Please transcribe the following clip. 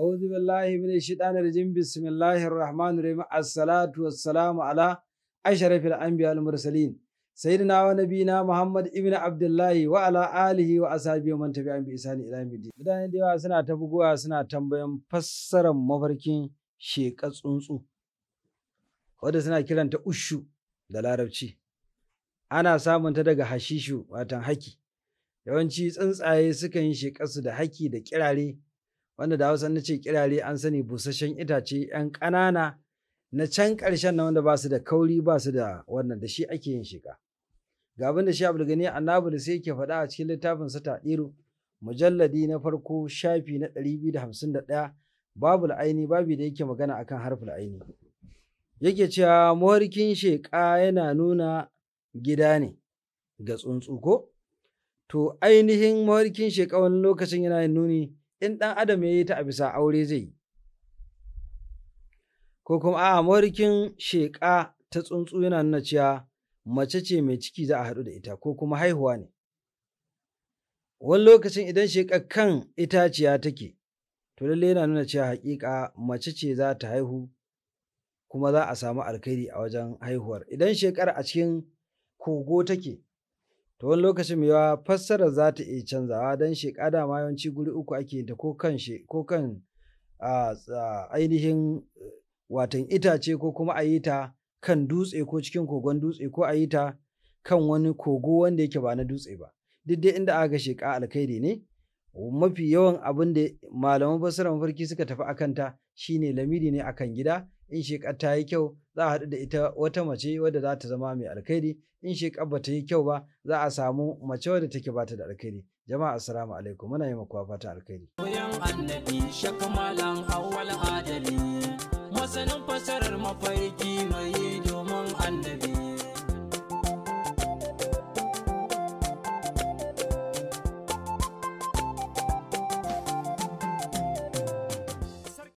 أعوذ بالله من الشيطان الرجيم بسم الله الرحمن الرحيم الصلاة والسلام على أشرف الأنبياء المرسلين سيدنا ونبينا da yawa suna ta buguwa suna tambayan fassarar mafarkin shekar tsuntsu wadda suna kiranta ushu da larabci ana samunta daga hashishu watan haki yawanci tsuntsaye sukan yi shekarsu da haki da kirare wanda da hausa na ce kirare an sani busasshen itace yan ƙanana na can ƙarshen na wanda ba su da kauri ba su da wannan da shi ake yin shiga ga abin da shi abu gani annabi da sai yake faɗa a cikin littafin sa taɗiru mujalladi na farko shafi na ɗari biyu da hamsin da ɗaya babu la'aini babu da yake magana akan harfin la'aini. yake cewa mawarkin sheƙa yana nuna gida ne ga tsuntsu ko to ainihin mawarkin sheƙa wani lokacin yana yin nuni in ɗan adam ya yi ta a bisa aure zai yi ko kuma a amurkin sheƙa ta tsuntsu yana nuna cewa mace ce mai ciki za a haɗu da ita ko kuma haihuwa ne wani lokacin idan sheƙa kan itaciya take to lallai yana nuna cewa haƙiƙa mace ce za ta haihu kuma za a samu alkhairi a wajen haihuwar idan shekar a cikin kogo take to wani lokacin yawa fassarar za ta iya canzawa don shekada dama yawanci guri uku ake da ko kan ko ainihin watan itace ko kuma a yi ta kan dutse ko cikin kogon dutse ko a yi ta kan wani kogo wanda yake ba na dutse ba duk dai inda aka sheka alkhairi ne mafi yawan abin da malaman fassara mafarki suka tafi akanta shine lamiri ne akan gida in sheka ta yi kyau za a haɗu da ita wata mace wadda za ta zama mai alkhairi in sheƙar ba ta yi kyau ba za a samu mace wadda take ba ta da alkhairi jama'a assalamu alaikum muna yi makuwa fata alkhairi. annabi shakamalan masanin fasarar mafarki